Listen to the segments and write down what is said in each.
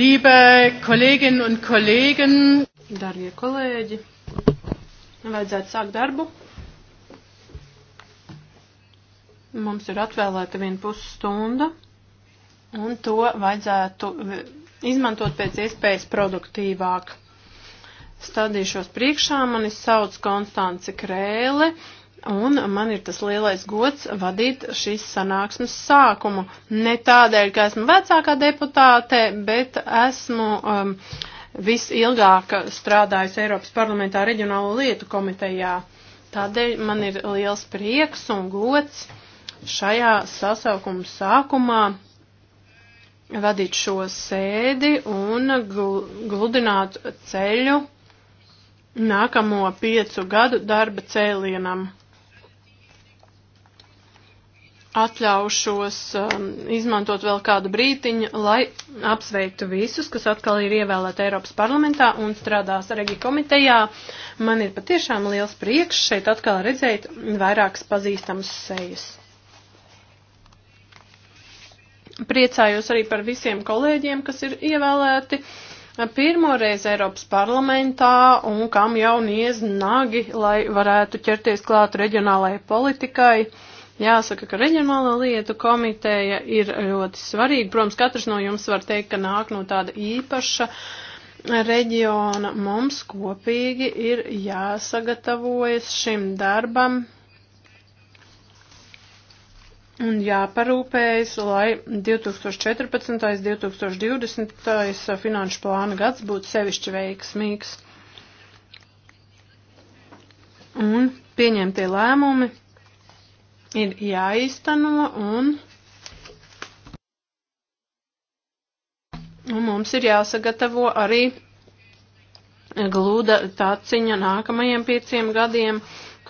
Liebe Kolleginnen un Kollegen, darbie kolēģi, vajadzētu sākt darbu. Mums ir atvēlēta viena pusstunda, un to vajadzētu izmantot pēc iespējas produktīvāk. Stādīšos priekšā, mani sauc Konstance Krēle. Un man ir tas lielais gods vadīt šīs sanāksmes sākumu. Ne tādēļ, ka esmu vecākā deputāte, bet esmu um, visilgāk strādājusi Eiropas parlamentā reģionālo lietu komitejā. Tādēļ man ir liels prieks un gods šajā sasaukuma sākumā vadīt šo sēdi un gludināt ceļu nākamo piecu gadu darba cēlienam atļaušos um, izmantot vēl kādu brītiņu, lai apsveiktu visus, kas atkal ir ievēlēti Eiropas parlamentā un strādās Regi komitejā. Man ir patiešām liels prieks šeit atkal redzēt vairākas pazīstamas sejas. Priecājos arī par visiem kolēģiem, kas ir ievēlēti pirmoreiz Eiropas parlamentā un kam jau niez nagi, lai varētu ķerties klāt reģionālajai politikai Jāsaka, ka reģionāla lietu komiteja ir ļoti svarīga. Protams, katrs no jums var teikt, ka nāk no tāda īpaša reģiona. Mums kopīgi ir jāsagatavojas šim darbam un jāparūpējas, lai 2014. un 2020. finanšu plāna gads būtu sevišķi veiksmīgs. Un pieņemtie lēmumi ir jāīsteno un. Un mums ir jāsagatavo arī glūda tāciņa nākamajiem pieciem gadiem,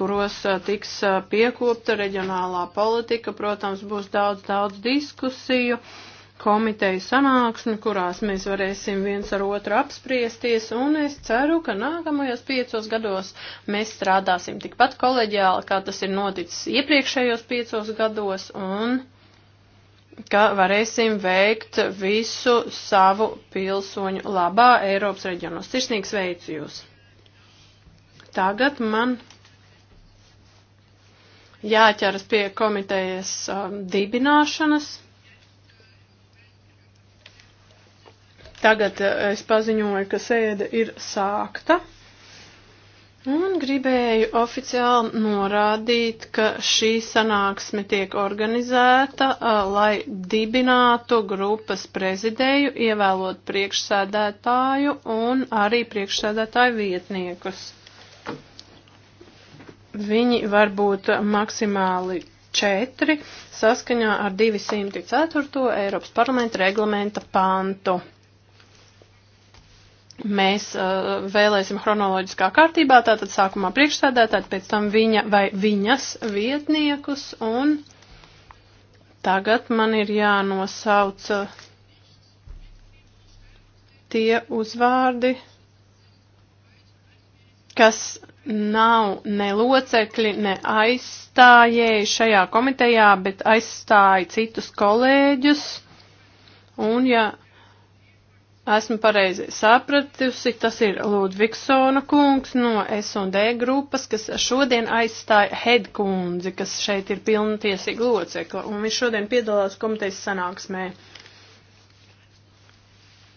kuros tiks piekopta reģionālā politika. Protams, būs daudz, daudz diskusiju. Uh, komiteju sanāksmi, kurās mēs varēsim viens ar otru apspriesties, un es ceru, ka nākamajos piecos gados mēs strādāsim tikpat koleģiāli, kā tas ir noticis iepriekšējos piecos gados, un ka varēsim veikt visu savu pilsoņu labā Eiropas reģionos. Tirsnīgs veicu jūs! Tagad man jāķeras pie komitejas um, dibināšanas. Tagad eh, es paziņoju, ka sēde ir sākta. Un gribēju oficiāli norādīt, ka šī sanāksme tiek organizēta, eh, lai dibinātu grupas prezidēju, ievēlot priekšsēdētāju un arī priekšsēdētāju vietniekus. Viņi var būt maksimāli četri saskaņā ar 204. Eiropas parlamenta reglamenta pantu mēs uh, vēlēsim chronoloģiskā kārtībā, tātad sākumā priekšsēdētāji, pēc tam viņa vai viņas vietniekus, un tagad man ir jānosauc uh, tie uzvārdi, kas nav ne locekļi, ne aizstājēji šajā komitejā, bet aizstāja citus kolēģus, un ja esmu pareizi sapratusi, tas ir Ludvigsona kungs no S&D grupas, kas šodien aizstāja Hedkundzi, kas šeit ir pilntiesīga locekla, un viņš šodien piedalās komitejas sanāksmē.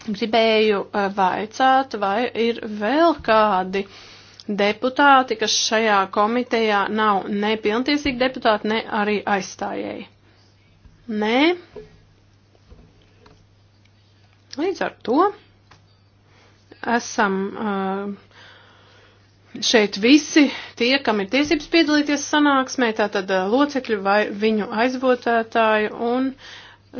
Gribēju eh, vaicāt, vai ir vēl kādi deputāti, kas šajā komitejā nav ne pilntiesīgi deputāti, ne arī aizstājēji. Nē. Līdz ar to esam uh, šeit visi tie, kam ir tiesības piedalīties sanāksmē, tātad uh, locekļi vai viņu aizvotētāji un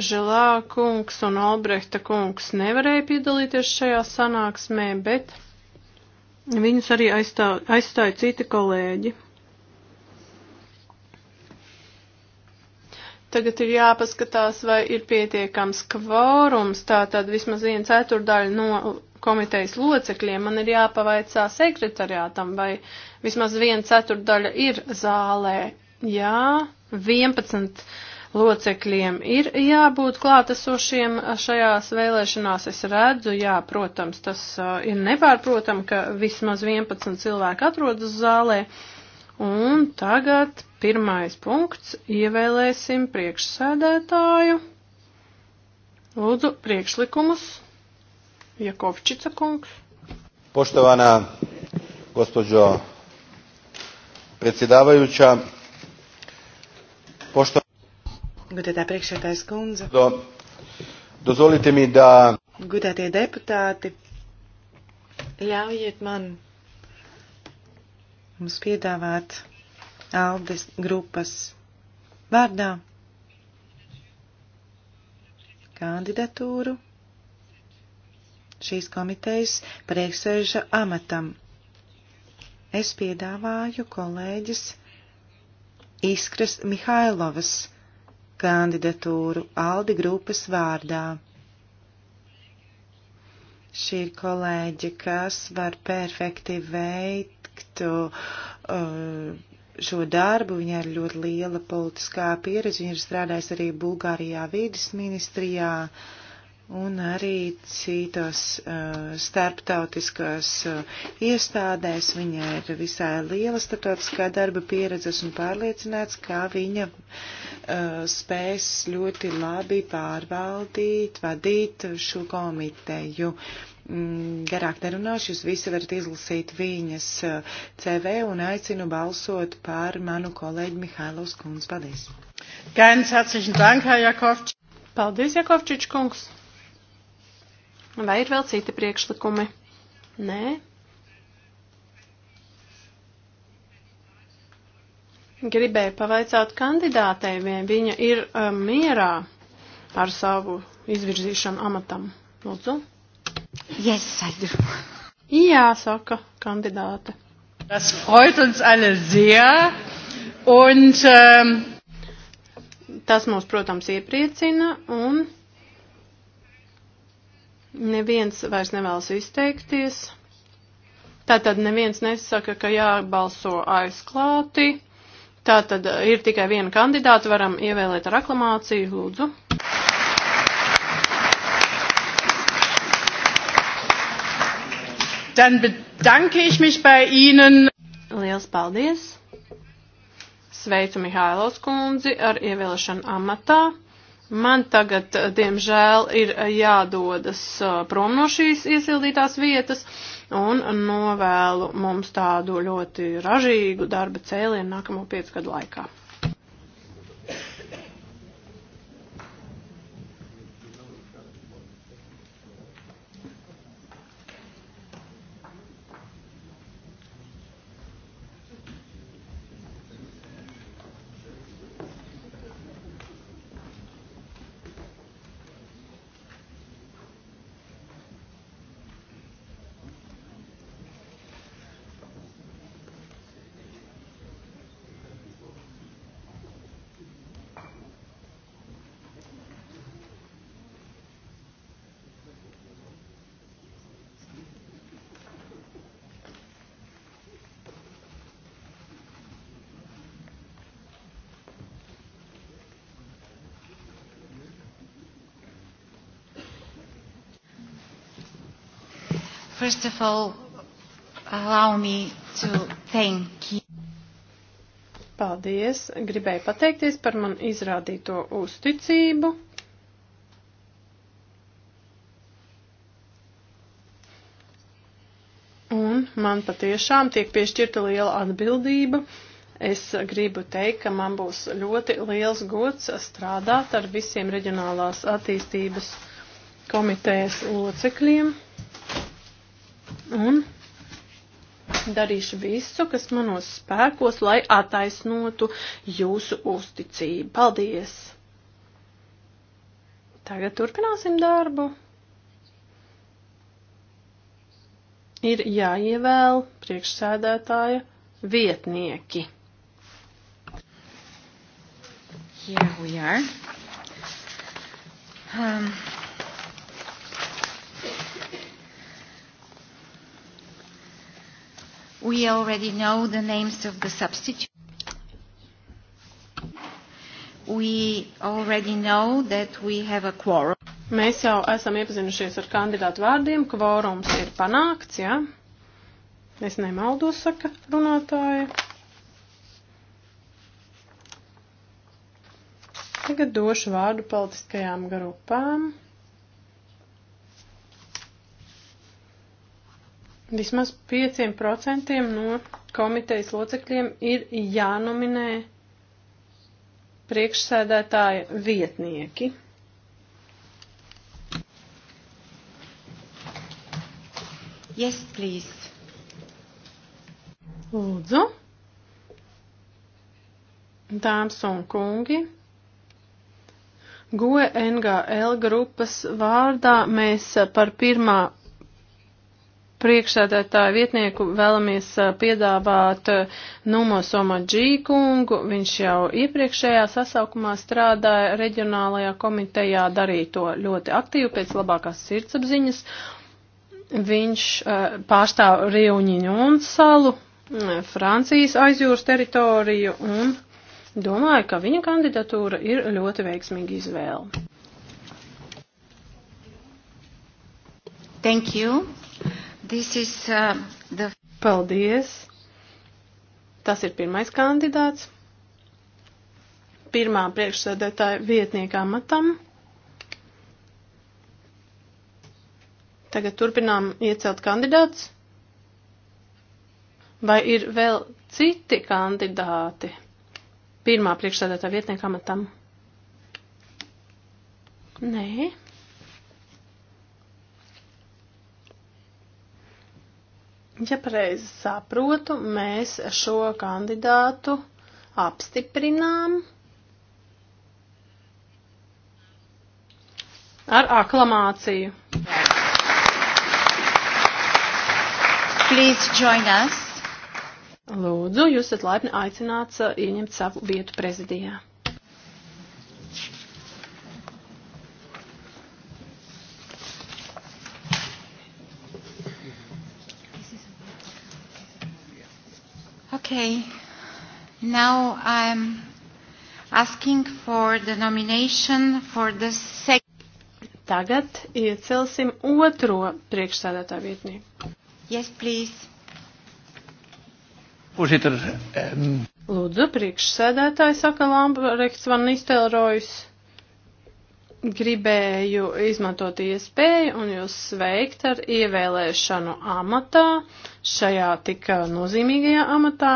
Žilā kungs un Albrehta kungs nevarēja piedalīties šajā sanāksmē, bet viņus arī aizstāja, aizstāja citi kolēģi. Tagad ir jāpaskatās, vai ir pietiekams kvorums, tātad vismaz viena ceturdaļa no komitejas locekļiem. Man ir jāpavaicā sekretariātam, vai vismaz viena ceturdaļa ir zālē. Jā, 11 locekļiem ir jābūt klātesošiem šajās vēlēšanās. Es redzu, jā, protams, tas uh, ir nepārprotam, ka vismaz 11 cilvēki atrodas zālē. Uh, Un tagad pirmais punkts - ievēlēsim priekšsēdētāju. Lūdzu, priekšlikumus. Jakovčica kungs. Poštovana gospođo predsjedavajuća, pošto... Gudētā priekšsētājs kundze. Do, dozvolite mi da... Gudētie deputāti, ļaujiet man mums piedāvāt Aldes grupas vārdā kandidatūru šīs komitejas priekšsēža amatam. Es piedāvāju kolēģis Iskras Mihailovas kandidatūru Aldi grupas vārdā. Šī ir kolēģe, kas var perfekti veikt veiktu uh, šo darbu. Viņai ir ļoti liela politiskā pieredze. Viņa ir strādājusi arī Bulgārijā vīdes ministrijā un arī citos uh, starptautiskās uh, iestādēs. Viņai ir visai liela starptautiskā darba pieredzes un pārliecināts, ka viņa uh, spēs ļoti labi pārvaldīt, vadīt šo komiteju. Uh, Mm, garāk nerunāšu, jūs visi varat izlasīt viņas eh, CV un aicinu balsot par manu kolēģi Mihailovs Kunz. Paldies! Ganz herzlichen Dank, Herr Jakovčič! Paldies, Jakovčič kungs! Vai ir vēl citi priekšlikumi? Nē. Gribēju pavaicāt kandidātei, vai viņa ir um, mierā ar savu izvirzīšanu amatam. Lūdzu. Yes, I do. Jā, saka kandidāte. Tas freut uns alle sehr. Und, um... Tas mūs, protams, iepriecina un neviens vairs nevēlas izteikties. Tātad neviens nesaka, ka jābalso aizklāti. Tātad ir tikai viena kandidāta, varam ievēlēt ar aklamāciju, lūdzu. Dann bedanke ich mich bei Ihnen. Liels paldies! Sveicu Mihailovs kundzi ar ievēlēšanu amatā. Man tagad, eh, diemžēl, ir eh, jādodas eh, prom no šīs iesildītās vietas un novēlu mums tādu ļoti ražīgu darba cēlienu nākamo piecu gadu laikā. First of all, allow me to thank you. Paldies! Gribēju pateikties par man izrādīto uzticību. Un man patiešām tiek piešķirta liela atbildība. Es gribu teikt, ka man būs ļoti liels gods strādāt ar visiem reģionālās attīstības komitejas locekļiem. Un darīšu visu, kas manos spēkos, lai attaisnotu jūsu uzticību. Paldies! Tagad turpināsim darbu. Ir jāievēl priekšsēdētāja vietnieki. Here we are. Um. we already know the names of the substitutes. We already know that we have a quorum. Mēs jau esam iepazinušies ar kandidātu vārdiem, kvorums ir panākts, jā. Ja? Es nemaldos, saka runātāja. Tagad došu vārdu politiskajām grupām. Vismaz 5% no komitejas locekļiem ir jānominē priekšsēdētāja vietnieki. Yes, please. Lūdzu. Dāmas un kungi. GOE NGL grupas vārdā mēs par pirmā priekšsēdētāju vietnieku vēlamies piedāvāt Numosoma Džīkungu. Viņš jau iepriekšējā sasaukumā strādāja reģionālajā komitejā, darīja to ļoti aktīvi pēc labākās sirdsapziņas. Viņš pārstāv Reuniņon salu, Francijas aizjūras teritoriju un domāju, ka viņa kandidatūra ir ļoti veiksmīga izvēle. Thank you. Is, uh, the... Paldies. Tas ir pirmais kandidāts. Pirmā priekšsēdētāja vietniekā matam. Tagad turpinām iecelt kandidātus. Vai ir vēl citi kandidāti? Pirmā priekšsēdētāja vietniekā matam. Nē. Nee. Ja pareizi saprotu, mēs šo kandidātu apstiprinām ar aklamāciju. Please join us. Lūdzu, jūs esat laipni aicināts uh, ieņemt savu vietu prezidijā. Okay. Now I'm asking for the nomination for the second. Tagad iecelsim otro priekšsēdētāju vietnieku. Yes, please. Voorzitter. Um... Lūdzu, priekšsēdētāji saka Lambrechts van Nistelrooys gribēju izmantot iespēju un jūs sveikt ar ievēlēšanu amatā, šajā tik nozīmīgajā amatā.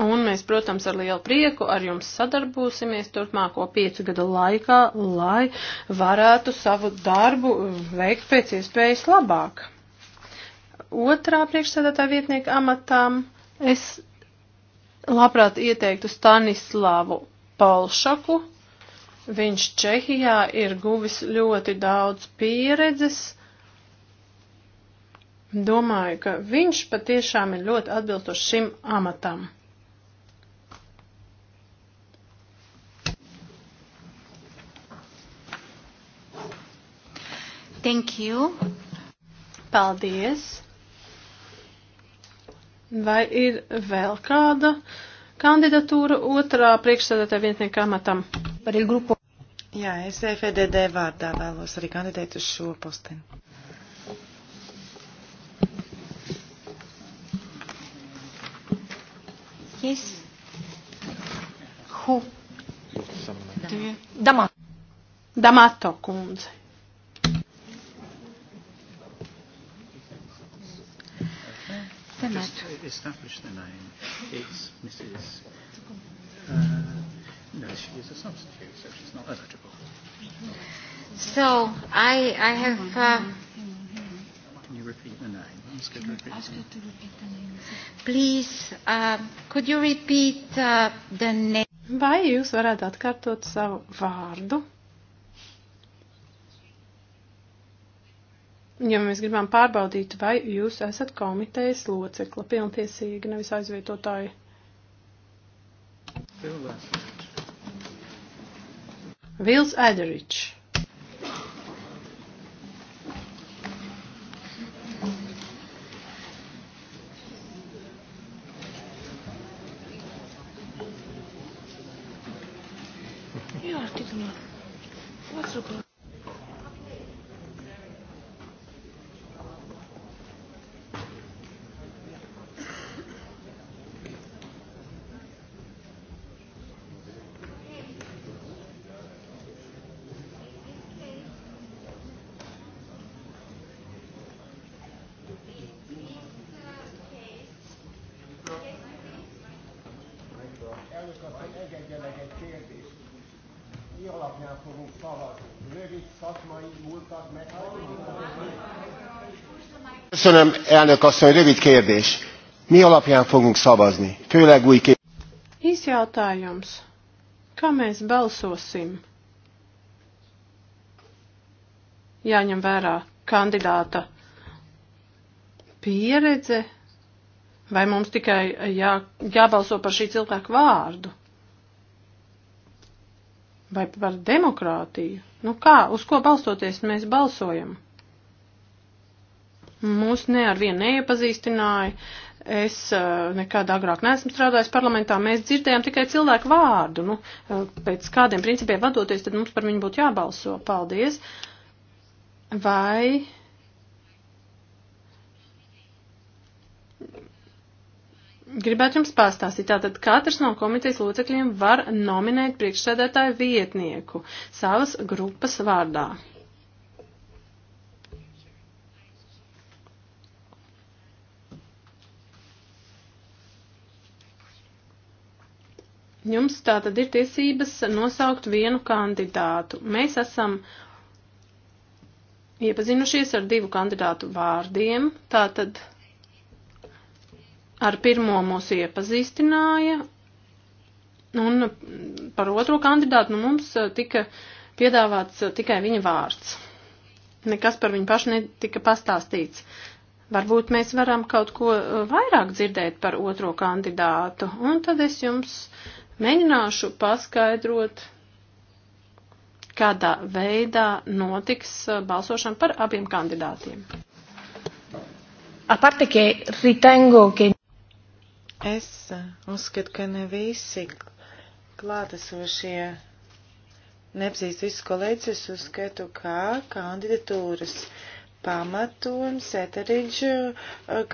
Un mēs, protams, ar lielu prieku ar jums sadarbosimies turpmāko piecu gadu laikā, lai varētu savu darbu veikt pēc iespējas labāk. Otrā priekšsēdētāja vietnieka amatām es labprāt ieteiktu Stanislavu Polšaku. Viņš Čehijā ir guvis ļoti daudz pieredzes. Domāju, ka viņš patiešām ir ļoti atbilstošs šim amatam. Thank you. Paldies. Vai ir vēl kāda kandidatūra otrā priekšsēdētāja vietnieka amatam? Par il grupu. Jā, es e FDD vārdā vēlos arī kandidēt uz šo posteni. Yes. Who? Dama. Dama. Damato kundze. Just Demet. Just to establish the name, it's Mrs. Uh, no, she is a substitute, so she's not eligible. So I, I have. Uh, Can you repeat the name? Ask her to repeat, ask her to repeat the name. Please, uh, could you repeat uh, the name? Vai jūs varētu atkārtot savu vārdu? ja mēs gribam pārbaudīt, vai jūs esat komitejas locekla pilntiesīgi, nevis aizvietotāji. Vils Ederičs. Köszönöm, elnök asszony, rövid kérdés. Mi alapján fogunk szavazni? Főleg új kép... Izjautājums. Kā mēs balsosim? Jāņem vērā kandidāta pieredze, vai mums tikai jā, jābalso par šī cilvēka vārdu? Vai par demokrātiju? Nu kā, uz ko balstoties mēs balsojam? Mūs ne ar vienu neiepazīstināja. Es eh, nekad agrāk neesmu strādājis parlamentā, mēs dzirdējām tikai cilvēku vārdu. Nu, eh, pēc kādiem principiem vadoties, tad mums par viņu būtu jābalso. Paldies! Vai Gribētu jums pastāstīt, tātad katrs no komitejas locekļiem var nominēt priekšsēdētāju vietnieku savas grupas vārdā. Jums tā tad ir tiesības nosaukt vienu kandidātu. Mēs esam iepazinušies ar divu kandidātu vārdiem. Tā tad ar pirmo mūs iepazīstināja, un par otro kandidātu nu, mums tika piedāvāts tikai viņa vārds. Nekas par viņu pašu netika pastāstīts. Varbūt mēs varam kaut ko vairāk dzirdēt par otro kandidātu, un tad es jums uh, Mēģināšu paskaidrot, kādā veidā notiks uh, balsošana par abiem kandidātiem. Aparte, ka ritengo, ka. Es uh, uzskatu, ka ne visi klātesošie neapzīst visus kolēģis. Es uzskatu, ka kandidatūras pamatu un Seteriģu uh,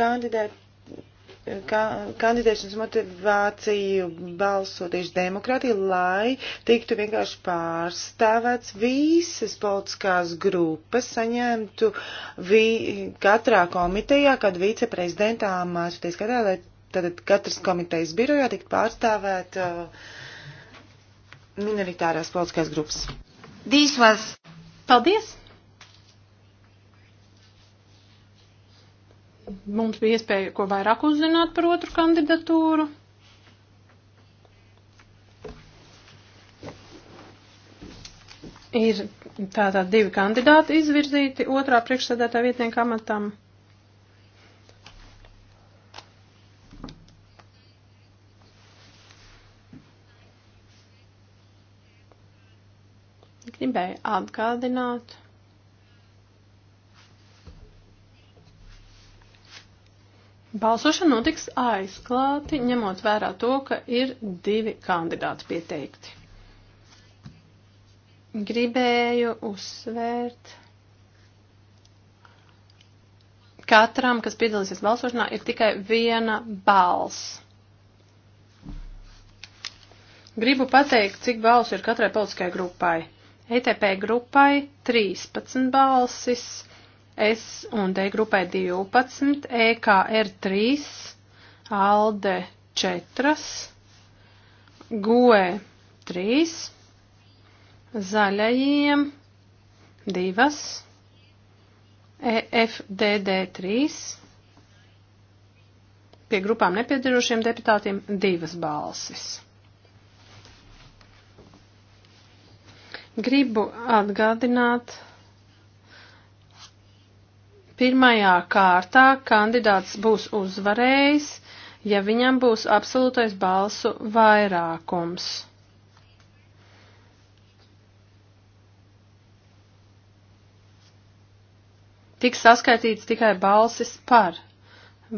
kandidēt ka, kandidēšanas motivāciju balsot tieši demokrātiju, lai tiktu vienkārši pārstāvēts visas politiskās grupas, saņemtu vi, katrā komitejā, kad viceprezidentā mācoties katrā, lai tad katras komitejas birojā tiktu pārstāvēt uh, minoritārās politiskās grupas. Dīsvas! Paldies! mums bija iespēja ko vairāk uzzināt par otru kandidatūru. Ir tātad divi kandidāti izvirzīti otrā priekšsēdētā vietnieka amatam. Gribēju atgādināt. Balsošana notiks aizklāti, ņemot vērā to, ka ir divi kandidāti pieteikti. Gribēju uzsvērt. Katram, kas piedalīsies balsošanā, ir tikai viena balss. Gribu pateikt, cik balsu ir katrai politiskajai grupai. ETP grupai 13 balsis. S un D grupai 12, EKR 3, ALDE 4, GOE 3, zaļajiem 2, EFDD 3, pie grupām nepiedarošiem deputātiem 2 balsis. Gribu atgādināt Pirmajā kārtā kandidāts būs uzvarējis, ja viņam būs absolūtais balsu vairākums. Tiks saskaitīts tikai balsis par.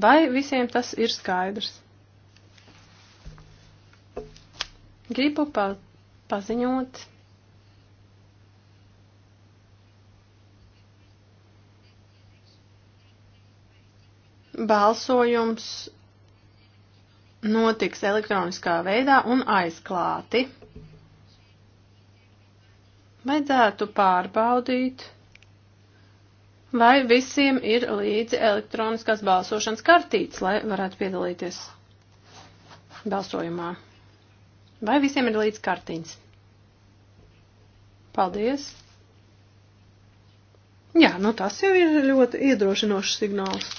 Vai visiem tas ir skaidrs? Gribu pa paziņot. Balsojums notiks elektroniskā veidā un aizklāti. Vajadzētu pārbaudīt, vai visiem ir līdzi elektroniskās balsošanas kartītes, lai varētu piedalīties balsojumā. Vai visiem ir līdzi kartītes? Paldies! Jā, nu tas jau ir ļoti iedrošinošs signāls.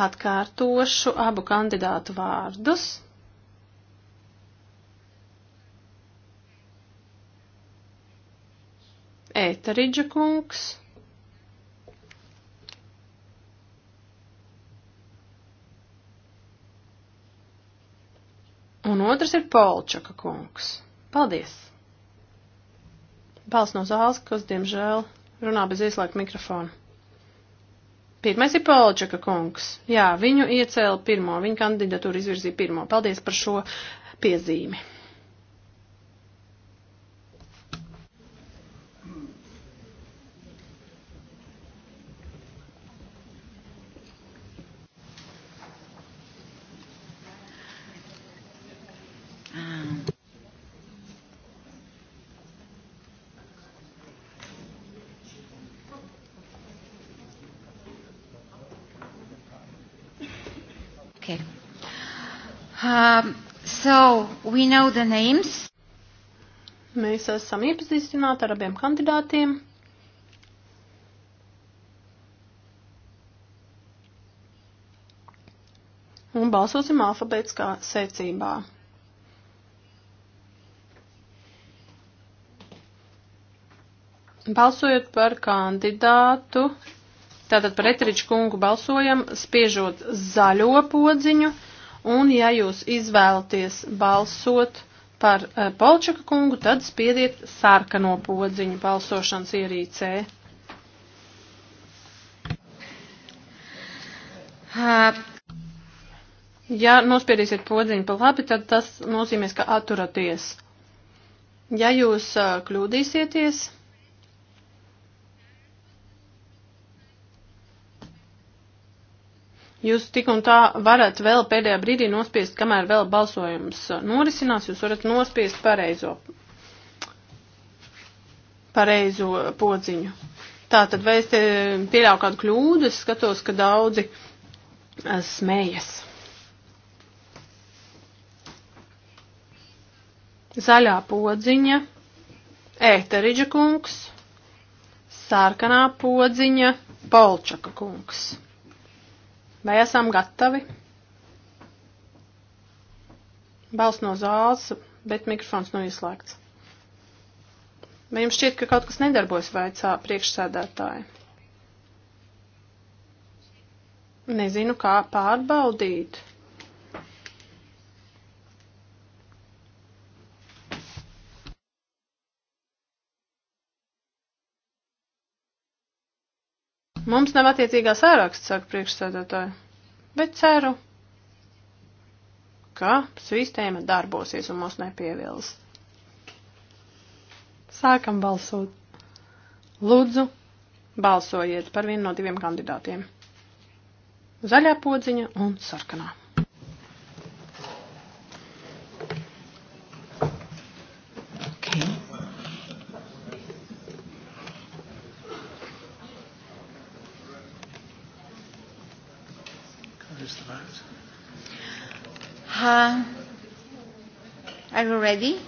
Atkārtošu abu kandidātu vārdus. Ēteriģa kungs. Un otrs ir Polčaka kungs. Paldies! Balsts no zāles, kas, diemžēl, runā bez ieslēgta mikrofona. Pirmais ir Polčaka kungs. Jā, viņu iecēla pirmo, viņa kandidatūru izvirzīja pirmo. Paldies par šo piezīmi. So, we know the names. Mēs esam iepazīstināti ar abiem kandidātiem. un balsosim alfabētiskā secībā. Balsojot par kandidātu, tātad par Eteriču kungu balsojam, spiežot zaļo podziņu, Un ja jūs izvēlaties balsot par eh, Polčaka kungu, tad spiediet sarkano podziņu balsošanas ierīcē. Ja nospiedīsiet podziņu pa labi, tad tas nozīmēs, ka atturaties. Ja jūs kļūdīsieties, Jūs tik un tā varat vēl pēdējā brīdī nospiest, kamēr vēl balsojums norisinās, jūs varat nospiest pareizo, pareizo podziņu. Tā tad vai es te pieļauju kādu kļūdu, es skatos, ka daudzi eh, smējas. Zaļā podziņa, ēteriģa kungs, sārkanā podziņa, polčaka kungs. Vai esam gatavi? Balsts no zāles, bet mikrofons nav ieslēgts. Vai jums šķiet, ka kaut kas nedarbojas vaicā priekšsēdētāji? Nezinu, kā pārbaudīt. Mums nav attiecīgā sāraksts, saka priekšsēdētāji, bet ceru, ka sistēma darbosies un mūs nepievils. Sākam balsot. Lūdzu, balsojiet par vienu no diviem kandidātiem. Zaļā podziņa un sarkanā. already?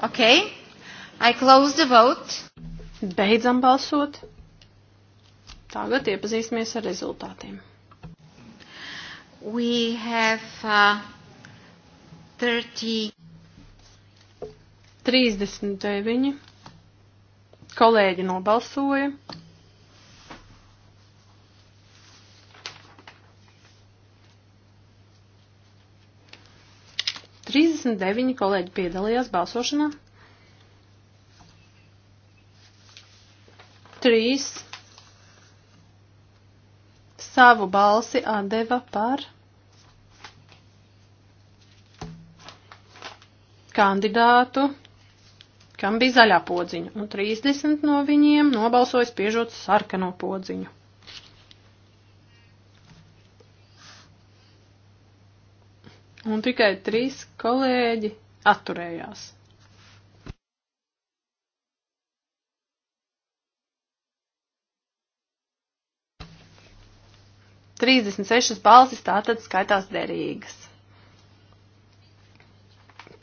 Okay. I close the vote. Beidzam balsot. Tagad iepazīsimies ar rezultātiem. We have uh, 30. 39. Kolēģi nobalsoja. 39 kolēģi piedalījās balsošanā. 3 savu balsi atdeva par kandidātu, kam bija zaļā podziņa, un 30 no viņiem nobalsoja spiežot sarkano podziņu. Un tikai trīs kolēģi atturējās. Trīsdesmit sešas balsis tātad skaitās derīgas.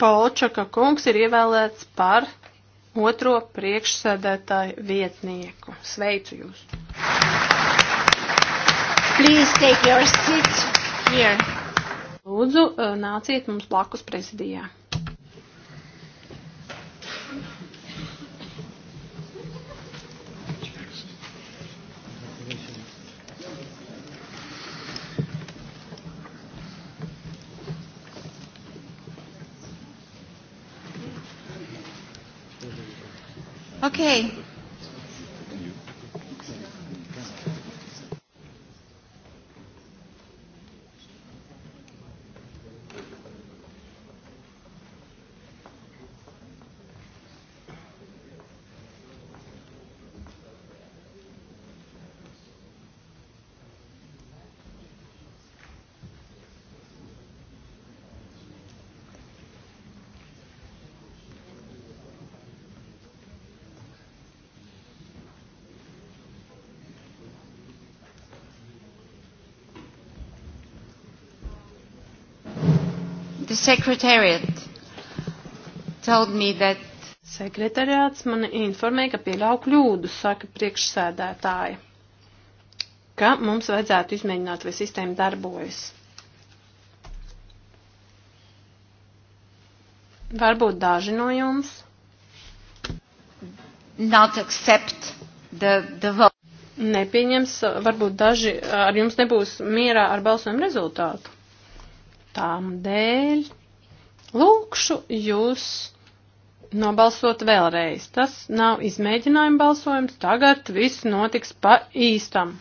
Polčaka kungs ir ievēlēts par otro priekšsēdētāju vietnieku. Sveicu jūs! Please take your seat here. Lūdzu, eh, nāciet mums blakus prezidijā. Okay. Secretariat told me that Sekretariāts mani informēja, ka pieļauj kļūdu, saka priekšsēdētāja, ka mums vajadzētu izmēģināt, vai sistēma darbojas. Varbūt daži no jums. Not accept the, the vote. Nepieņems, varbūt daži ar jums nebūs mierā ar balsojumu rezultātu. Tām dēļ Lūkšu jūs nobalsot vēlreiz. Tas nav izmēģinājuma balsojums, tagad viss notiks pa īstam.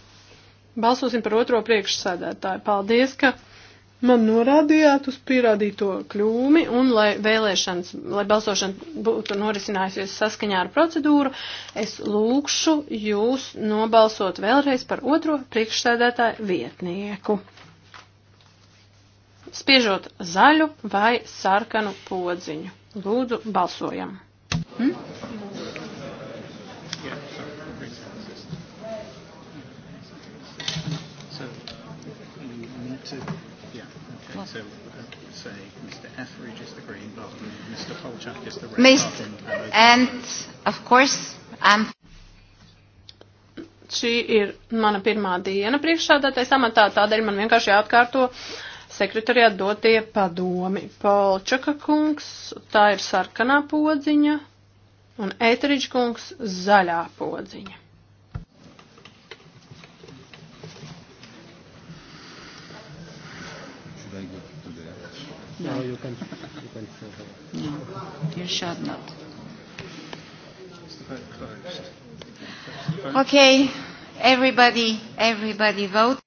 Balsosim par otro priekšsēdētāju. Paldies, ka man norādījāt uz pierādīto kļūmi un lai vēlēšanas, lai balsošana būtu norisinājusies saskaņā ar procedūru, es lūkšu jūs nobalsot vēlreiz par otro priekšsēdētāju vietnieku spiežot zaļu vai sarkanu podziņu. Lūdzu, balsojam. Hmm? to, yeah, okay, so uh, say Mr. Etheridge is the green button, Mr. Polchak is the red Mist, button. And, of course, I'm... Šī ir mana pirmā diena priekšsādātais amatā, tādēļ man vienkārši jāatkārto sekretariāt dotie padomi. Polčaka kungs, tā ir sarkanā podziņa, un Eteriģa kungs zaļā podziņa. No, you can, you can say that. No, you should not. Okay, everybody, everybody vote.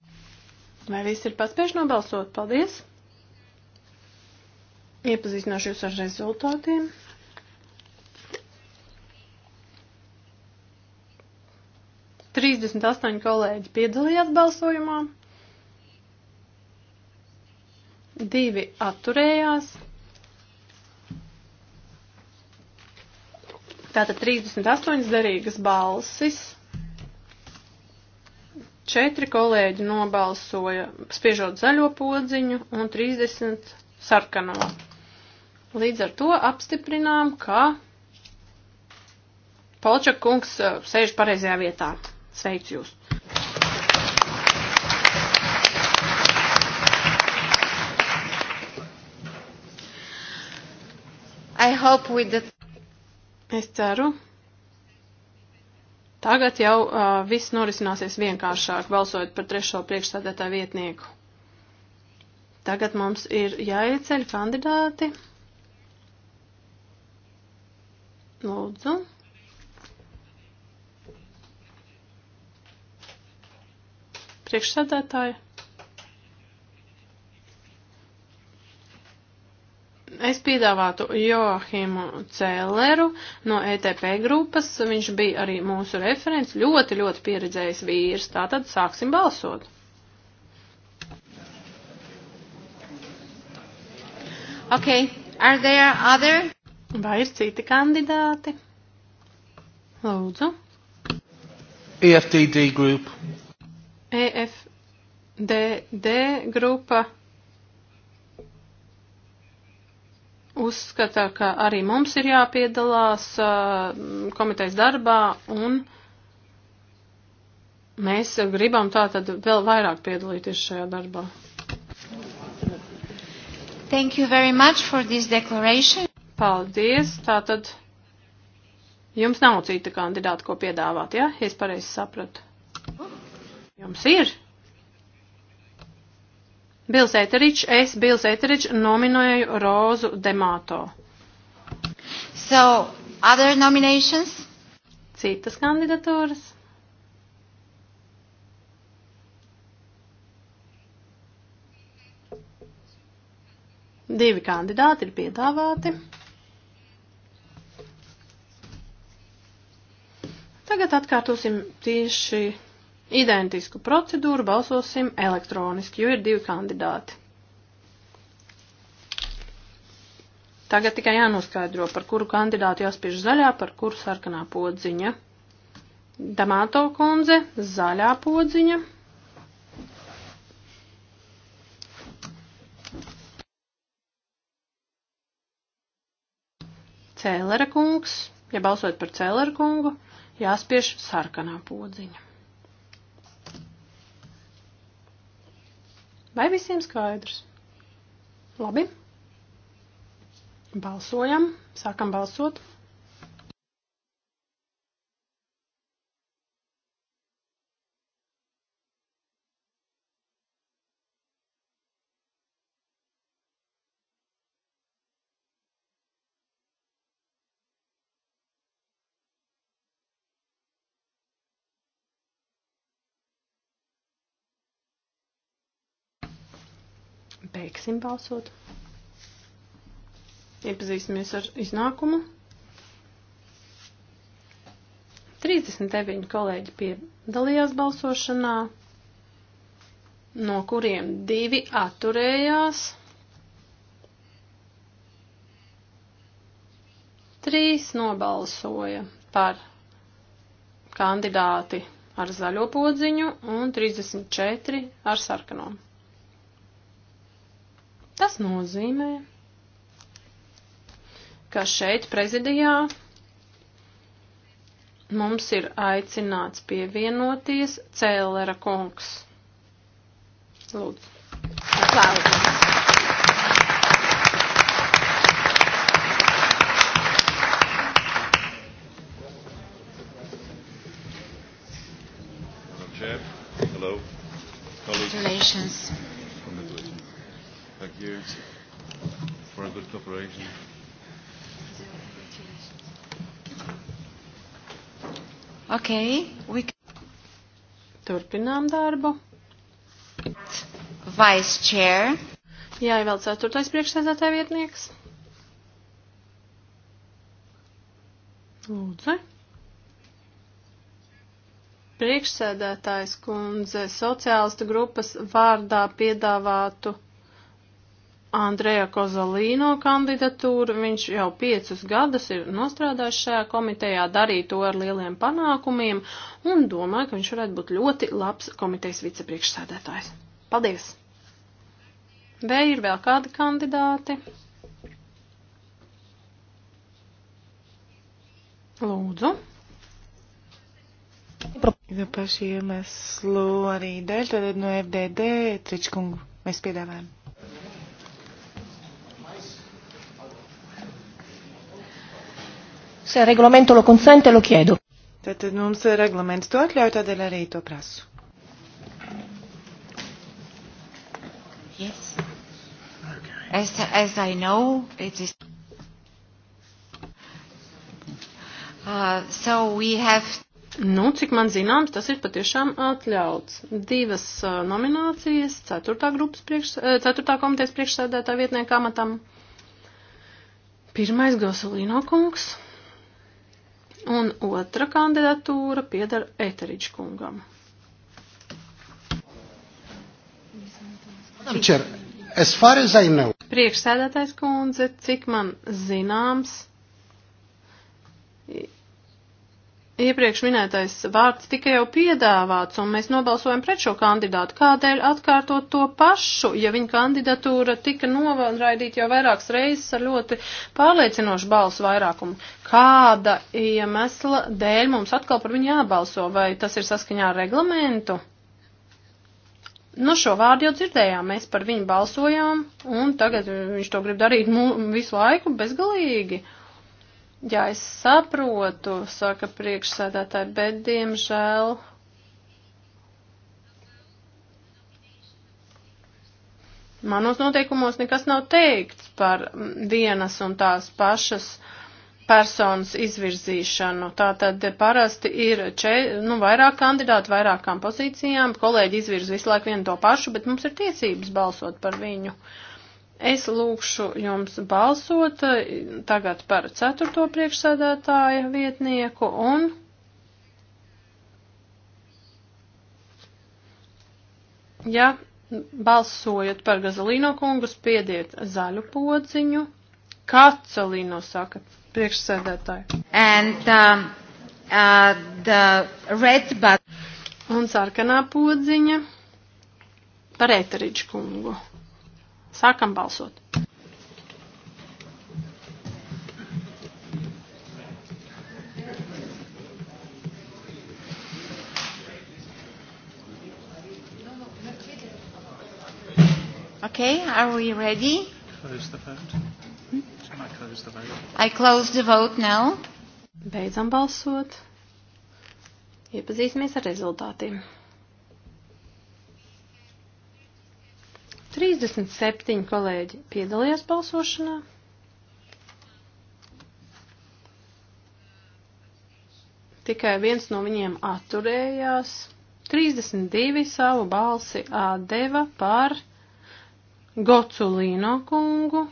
Vai viss ir paspējuši nobalsot? Paldies! Iepazīstināšu jūs ar rezultātiem. Trīsdesmit astoņi kolēģi piedalījās balsojumā, divi atturējās. Tātad 38 derīgas balsis Četri kolēģi nobalsoja spiežot zaļo podziņu un 30 sarkano. Līdz ar to apstiprinām, ka Polčak kungs uh, sēž pareizajā vietā. Sveicu jūs! I hope with the... Es ceru, Tagad jau uh, viss norisināsies vienkāršāk, balsojot par trešo priekšstādētāju vietnieku. Tagad mums ir jāieceļ kandidāti. Lūdzu. Priekšsēdētāji. Es piedāvātu Joahimu Cēleru no ETP grupas, viņš bija arī mūsu referents, ļoti, ļoti pieredzējis vīrs, tātad sāksim balsot. Okay, are there other? Vai ir citi kandidāti? Lūdzu. EFDD group. EFDD grupa uzskata, ka arī mums ir jāpiedalās komitejas darbā un mēs gribam tā tad vēl vairāk piedalīties šajā darbā. Thank you very much for this declaration. Paldies. Tātad jums nav cita kandidāta, ko piedāvāt, ja? Es pareizi sapratu. Jums ir? Bils Eterič, es, Bils Eterič, nominēju Rozu Demāto. So, other nominations? Citas kandidatūras? Divi kandidāti ir piedāvāti. Tagad atkārtosim tieši Identisku procedūru balsosim elektroniski, jo ir divi kandidāti. Tagad tikai jānoskaidro, par kuru kandidātu jāspiež zaļā, par kuru sarkanā podziņa. Damāto kundze, zaļā podziņa. Cēlera kungs, ja balsot par cēlera kungu, jāspiež sarkanā podziņa. Vai visiem skaidrs? Labi. Balsojam, sākam balsot. Beigsim balsot. Iepazīsimies ar iznākumu. 39 kolēģi piedalījās balsošanā, no kuriem divi atturējās. Trīs nobalsoja par kandidāti ar zaļo podziņu un 34 ar sarkanomu. Tas nozīmē, ka šeit prezidijā mums ir aicināts pievienoties Cēlera kungs. Lūdzu. Aplausos. Hello. Congratulations for a good cooperation. Okay, we can... Turpinām darbu. Vice chair. Jā, vēl ceturtais priekšsēdētāja vietnieks. Lūdzu. Priekšsēdētājs kundze sociālistu grupas vārdā piedāvātu Andreja Kozalīno kandidatūru. Viņš jau piecus gadus ir nostrādājis šajā komitejā, darīja to ar lieliem panākumiem un domāju, ka viņš varētu būt ļoti labs komitejas vicepriekšsēdētājs. Paldies! Vai ir vēl kādi kandidāti? Lūdzu. Ja paši iemeslu arī dēļ, tad no FDD Tričkungu mēs piedāvājam. Se il regolamento lo consente, lo chiedo. Tātad mums reglaments to atļauj, tādēļ arī to prasu. Yes. Okay. As, as I know, it is. Uh, so we have. Nu, cik man zināms, tas ir patiešām atļauts. Divas uh, nominācijas, ceturtā, grupas priekš, uh, ceturtā komitejas priekšsēdētā vietniekā matam. Pirmais Gosolīno kungs. Un otra kandidatūra piedara Eteriča kungam. Priekšsēdētājs kundze, cik man zināms, iepriekš minētais vārds tika jau piedāvāts, un mēs nobalsojam pret šo kandidātu. Kādēļ atkārtot to pašu, ja viņa kandidatūra tika noraidīta jau vairākas reizes ar ļoti pārliecinošu balsu vairākumu? Kāda iemesla dēļ mums atkal par viņu jābalso, vai tas ir saskaņā ar reglamentu? Nu, šo vārdu jau dzirdējām, mēs par viņu balsojām, un tagad viņš to grib darīt visu laiku bezgalīgi. Uh, Jā, es saprotu, saka priekšsēdētāji, bet diemžēl. Manos noteikumos nekas nav teikts par vienas un tās pašas personas izvirzīšanu. Tātad parasti ir če, nu, vairāk kandidātu vairākām pozīcijām, kolēģi izvirz visu laiku vienu to pašu, bet mums ir tiesības balsot par viņu. Uh, Es lūkšu jums balsot eh, tagad par ceturto priekšsēdētāja vietnieku un ja balsojat par Gazalīno kungu, spiediet zaļu podziņu. Kacelīno saka priekšsēdētāji. And, um, uh, the red button. Un sarkanā podziņa par Eteriģu kungu. Sākam balsot. Okay, are we ready? Close the vote. Hmm? Can I close the vote? I close the vote now. Beidzam balsot. Iepazīsimies ar rezultātiem. 37 kolēģi piedalījās balsošanā. Tikai viens no viņiem atturējās. 32 savu balsi atdeva par Goculīno kungu,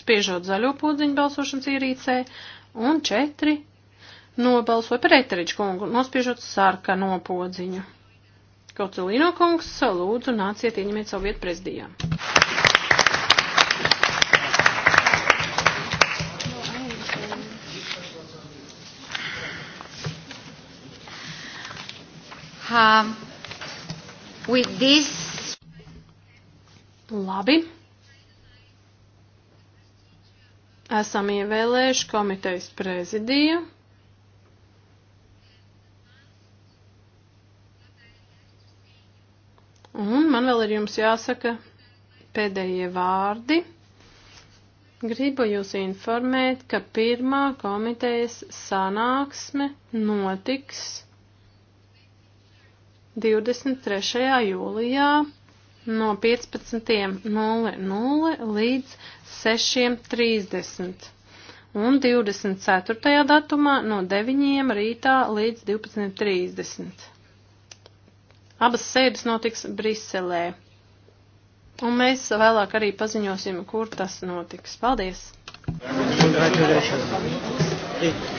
spiežot zaļo pūdziņu balsošanas ierīcē, un 4 nobalsoja par Eteriču kungu, nospiežot sarkano pūdziņu. Kocelīno kungs, lūdzu, nāciet ieņemiet savu vietu prezidijā. Um, with this... Labi. Esam ievēlējuši komitejas prezidiju. vēl ir jums jāsaka pēdējie vārdi. Gribu jūs informēt, ka pirmā komitejas sanāksme notiks 23. jūlijā no 15.00 līdz 6.30 un 24. datumā no 9. rītā līdz 12.30. Abas sēdes notiks Briselē. Un mēs vēlāk arī paziņosim, kur tas notiks. Paldies! Congratulations.